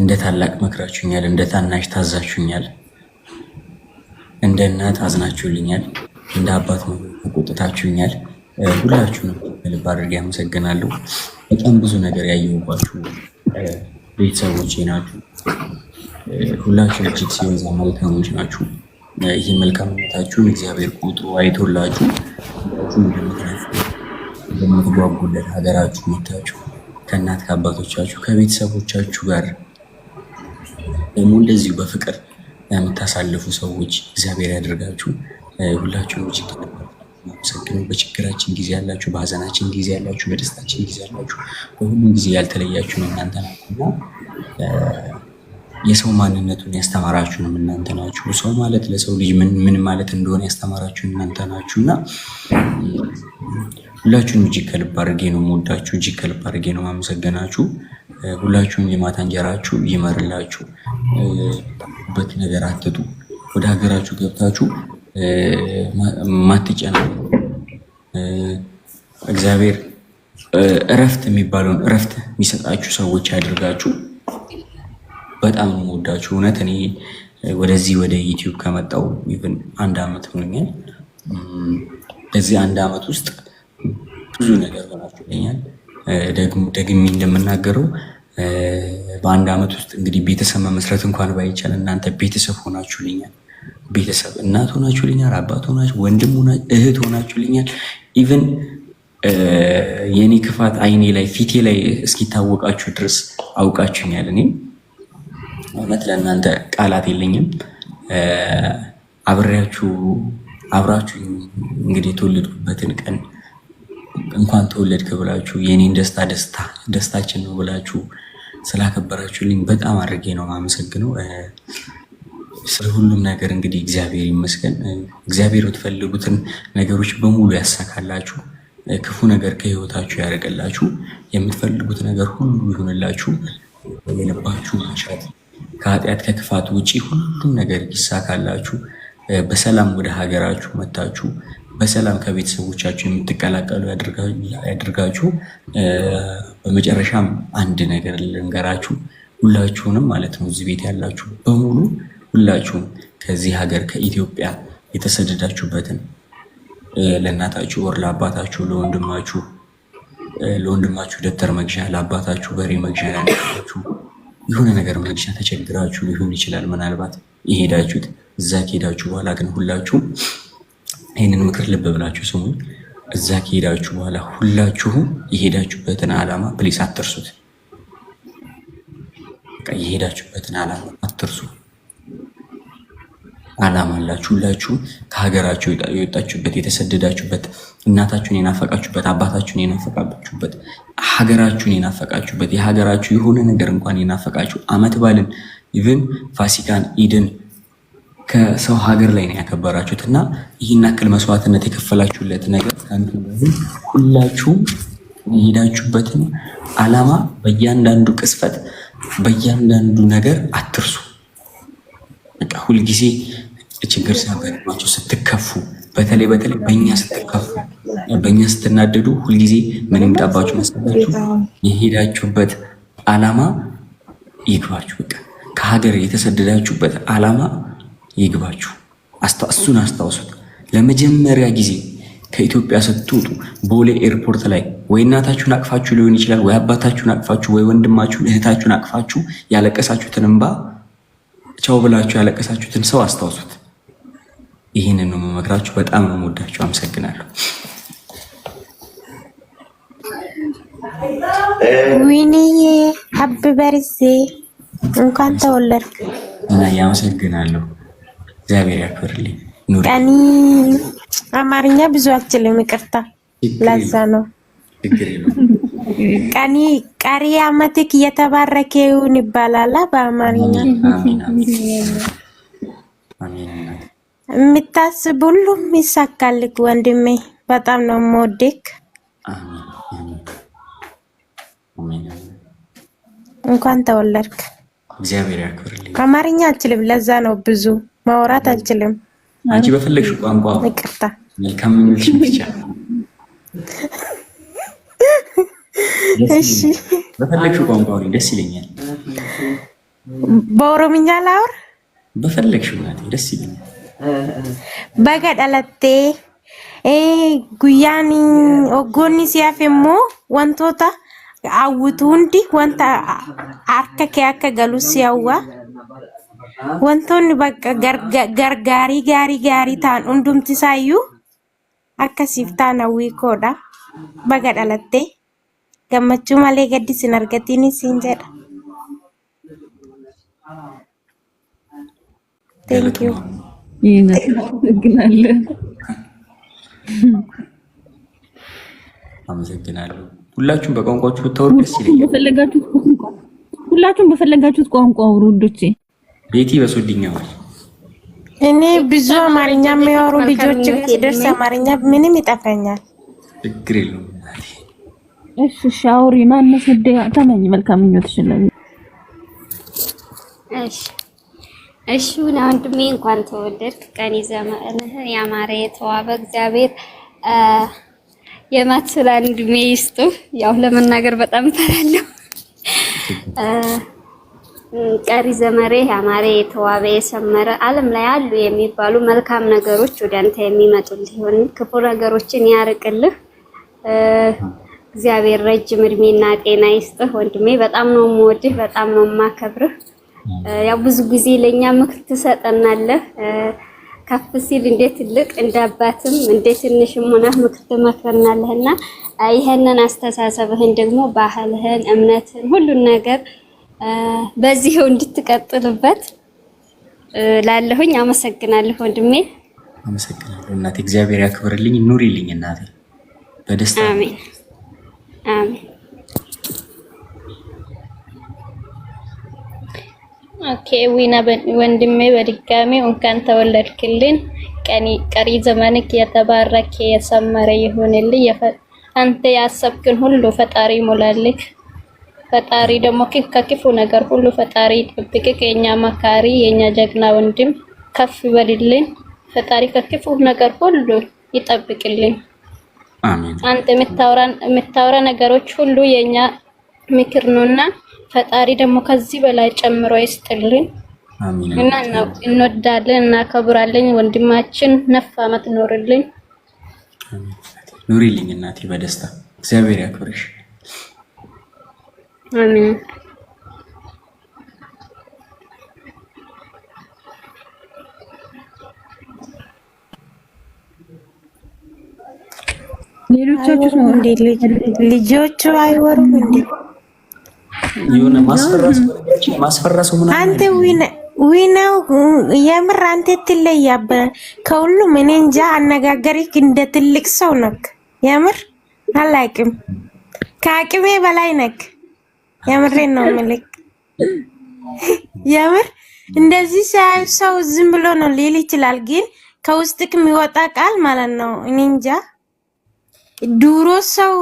እንደ ታላቅ መክራችሁኛል፣ እንደ ታናሽ ታዛችሁኛል፣ እንደ እናት አዝናችሁልኛል፣ እንደ አባት ቁጥታችሁኛል። ሁላችሁንም ልብ አድርጌ አመሰግናለሁ። በጣም ብዙ ነገር ያየሁባችሁ ቤተሰቦች ናችሁ። ሁላችሁ እጅግ ሲበዛ መልካሞች ናችሁ። ይህ መልካምነታችሁን እግዚአብሔር ቁጥሩ አይቶላችሁ እንደምትጓጉለት ሀገራችሁ መታችሁ ከእናት ከአባቶቻችሁ ከቤተሰቦቻችሁ ጋር ደግሞ እንደዚሁ በፍቅር የምታሳልፉ ሰዎች እግዚአብሔር ያደርጋችሁ። ሁላችሁ ችግር በችግራችን ጊዜ ያላችሁ፣ በሀዘናችን ጊዜ ያላችሁ፣ በደስታችን ጊዜ ያላችሁ፣ በሁሉም ጊዜ ያልተለያችሁ ነው እናንተ ናችሁና የሰው ማንነቱን ነው እናንተ ናችሁ። ሰው ማለት ለሰው ልጅ ምን ማለት እንደሆነ ያስተማራችሁ እናንተ ናችሁ እና ሁላችሁንም እጅግ ከልብ አድርጌ ነው የምወዳችሁ። እጅግ ከልብ አድርጌ ነው የማመሰግናችሁ። ሁላችሁም የማታ እንጀራችሁ ይመርላችሁ። በት ነገር አትጡ። ወደ ሀገራችሁ ገብታችሁ ማትጨና እግዚአብሔር እረፍት የሚባለውን እረፍት የሚሰጣችሁ ሰዎች ያደርጋችሁ። በጣም ነው የምወዳችሁ። እውነት እኔ ወደዚህ ወደ ዩቲዩብ ከመጣው ኢቭን አንድ ዓመት ሆኖኛል። በዚህ አንድ ዓመት ውስጥ ብዙ ነገር ሆናችሁልኛል። ደግሜ እንደምናገረው በአንድ ዓመት ውስጥ እንግዲህ ቤተሰብ መመስረት እንኳን ባይቻል እናንተ ቤተሰብ ሆናችሁልኛል። ቤተሰብ እናት ሆናችሁልኛል፣ አባት ሆናችሁ፣ ወንድም እህት ሆናችሁልኛል። ኢቨን የእኔ ክፋት አይኔ ላይ ፊቴ ላይ እስኪታወቃችሁ ድረስ አውቃችሁኛል። እኔም እውነት ለእናንተ ቃላት የለኝም። አብሬያችሁ አብራችሁ እንግዲህ የተወለድኩበትን ቀን እንኳን ተወለድክ ብላችሁ የኔን ደስታ ደስታ ደስታችን ነው ብላችሁ ስላከበራችሁልኝ በጣም አድርጌ ነው የማመሰግነው። ስለ ሁሉም ነገር እንግዲህ እግዚአብሔር ይመስገን። እግዚአብሔር የምትፈልጉትን ነገሮች በሙሉ ያሳካላችሁ፣ ክፉ ነገር ከህይወታችሁ ያደርገላችሁ፣ የምትፈልጉት ነገር ሁሉ ይሆንላችሁ። የልባችሁ መሻት ከኃጢአት ከክፋት ውጪ ሁሉም ነገር ይሳካላችሁ። በሰላም ወደ ሀገራችሁ መታችሁ በሰላም ከቤተሰቦቻችሁ የምትቀላቀሉ ያድርጋችሁ። በመጨረሻም አንድ ነገር ልንገራችሁ ሁላችሁንም ማለት ነው እዚህ ቤት ያላችሁ በሙሉ ሁላችሁም ከዚህ ሀገር ከኢትዮጵያ የተሰደዳችሁበትን ለእናታችሁ ወር ለአባታችሁ ለወንድማችሁ ለወንድማችሁ ደብተር መግዣ ለአባታችሁ በሬ መግዣ ያላችሁ የሆነ ነገር መግዣ ተቸግራችሁ ሊሆን ይችላል። ምናልባት የሄዳችሁት እዛ ከሄዳችሁ በኋላ ግን ሁላችሁም ይህንን ምክር ልብ ብላችሁ ስሙ እዛ ከሄዳችሁ በኋላ ሁላችሁም የሄዳችሁበትን ዓላማ ፕሊስ አትርሱት። የሄዳችሁበትን ዓላማ አትርሱ። ዓላማ አላችሁ ሁላችሁም። ከሀገራችሁ የወጣችሁበት የተሰደዳችሁበት፣ እናታችሁን የናፈቃችሁበት፣ አባታችሁን የናፈቃችሁበት፣ ሀገራችሁን የናፈቃችሁበት፣ የሀገራችሁ የሆነ ነገር እንኳን የናፈቃችሁ አመት ባልን፣ ኢቨን ፋሲካን፣ ኢድን ከሰው ሀገር ላይ ነው ያከበራችሁት እና ይህን አክል መስዋዕትነት የከፈላችሁለት ነገር ከአንዱ ሁላችሁም የሄዳችሁበትን አላማ በእያንዳንዱ ቅስፈት በእያንዳንዱ ነገር አትርሱ። በቃ ሁልጊዜ ችግር ሲያጋጥማችሁ ስትከፉ፣ በተለይ በተለይ በእኛ ስትከፉ፣ በእኛ ስትናደዱ ሁልጊዜ ምን ይምጣባችሁ መሰላችሁ? የሄዳችሁበት አላማ ይግባችሁ። በቃ ከሀገር የተሰደዳችሁበት አላማ ይግባችሁ። እሱን አስታውሱት። ለመጀመሪያ ጊዜ ከኢትዮጵያ ስትወጡ ቦሌ ኤርፖርት ላይ ወይ እናታችሁን አቅፋችሁ ሊሆን ይችላል፣ ወይ አባታችሁን አቅፋችሁ፣ ወይ ወንድማችሁን እህታችሁን አቅፋችሁ ያለቀሳችሁትን እንባ ቻው ብላችሁ ያለቀሳችሁትን ሰው አስታውሱት። ይህንን ነው መመክራችሁ። በጣም ነው የምወዳችሁ። አመሰግናለሁ። ዊኒዬ ሀብ በርዜ እንኳን ተወለድክ እና ያመሰግናለሁ። እግዚአብሔር ያክብርልኝ። ቀኒ አማርኛ ብዙ አልችልም፣ ይቅርታ። ለዛ ነው ቀኒ። ቀሪ አመትክ የተባረከ ይሁን ይባላል በአማርኛ። የምታስብ ሁሉም ይሳካልክ ወንድሜ። በጣም ነው የምወድክ። እንኳን ተወለድክ። አማርኛ አልችልም፣ ለዛ ነው ብዙ ማውራት አልችልም። አንቺ በፈለግሽ ቋንቋ ይቅርታ። መልካም ምኞትሽ ብቻ እሺ። በፈለግሽ ቋንቋ ደስ ይለኛል። በኦሮምኛ ላውር በፈለግሽ ማለት ደስ ይለኛል። በገደለቴ ጉያን ኦጎኒ ሲያፍ ሞ ወንቶታ አውቱ እንዲ ወንታ አርከ ከያከ ገሉ ሲያዋ wantoonni bakka gargaarii gaarii gaarii ta'an hundumti isaayyuu akkasiif ta'an hawwii hawwiikoodha. Baga dhalatte gammachuu malee gaddi sin argatiin siin jedha. Thank you. ሁላችሁም በቋንቋችሁ ብታወሩ ደስ ይለኛል። ሁላችሁም በፈለጋችሁት ቋንቋ አውሩ ውዶቼ። ቤቲ በሶልኛዋል። እኔ ብዙ አማርኛ የሚያወሩ ልጆች ደርስ አማርኛ ምንም ይጠፋኛል። ችግር የለውም። እሺ ሻውሪ ማነስ ደ ተመኝ መልካም ምኞት ይችላል። እሺ እሺ ወንድሜ እንኳን ተወለድክ። ቀን ዘመንህ ያማረ የተዋበ እግዚአብሔር የማትስላ እድሜ ይስጥ። ያው ለመናገር በጣም ፈራለሁ። ቀሪ ዘመሬ ያማረ የተዋበ የሰመረ ዓለም ላይ አሉ የሚባሉ መልካም ነገሮች ወደ አንተ የሚመጡልህ ይሆን፣ ክፉ ነገሮችን ያርቅልህ። እግዚአብሔር ረጅም እድሜና ጤና ይስጥህ ወንድሜ። በጣም ነው የምወድህ፣ በጣም ነው የማከብርህ። ያው ብዙ ጊዜ ለኛ ምክር ትሰጠናለህ። ከፍ ሲል እንደ ትልቅ እንደ አባትም እንደ ትንሽም ሆነህ ምክር ትመክረናለህና ይህንን አስተሳሰብህን ደግሞ ባህልህን፣ እምነትህን ሁሉን ነገር በዚህው እንድትቀጥልበት ላለሁኝ አመሰግናለሁ ወንድሜ። አመሰግናለሁ እናቴ፣ እግዚአብሔር ያክብርልኝ፣ ኑሪልኝ እናቴ በደስታ አሜን፣ አሜን። ኦኬ ዊና ወንድሜ በድጋሚ እንኳን ተወለድክልን። ቀሪ ዘመንክ የተባረከ የሰመረ ይሁንልኝ። አንተ ያሰብክን ሁሉ ፈጣሪ ሙላልክ። ፈጣሪ ደግሞ ከክፉ ነገር ሁሉ ፈጣሪ ይጠብቅህ። የኛ መካሪ፣ የኛ ጀግና ወንድም ከፍ ይበልልን። ፈጣሪ ከክፉ ነገር ሁሉ ይጠብቅልን። አሜን። አንተ የምታወራ ነገሮች ሁሉ የኛ ምክር ነውና ፈጣሪ ደግሞ ከዚህ በላይ ጨምሮ ይስጥልን። አሜን። እና እንወዳለን ከብራለን ወንድማችን ነፍ አመት ኖርልን። ኑሪልኝ እናቴ በደስታ እግዚአብሔር ያክብርሽ። አሚን። ልጆቹ አይወሩም አንተ የምር አንተ ትለያበ ከሁሉም እኔ እንጃ አነጋገሪክ እንደ ትልቅ ሰው ነክ የምር አላቅም ከአቅሜ በላይ ነክ የምሬን ነው የምልክ። የምር እንደዚህ ሰው ዝም ብሎ ነው ሊል ይችላል፣ ግን ከውስጥክ የሚወጣ ቃል ማለት ነው። እኔ እንጃ ሰው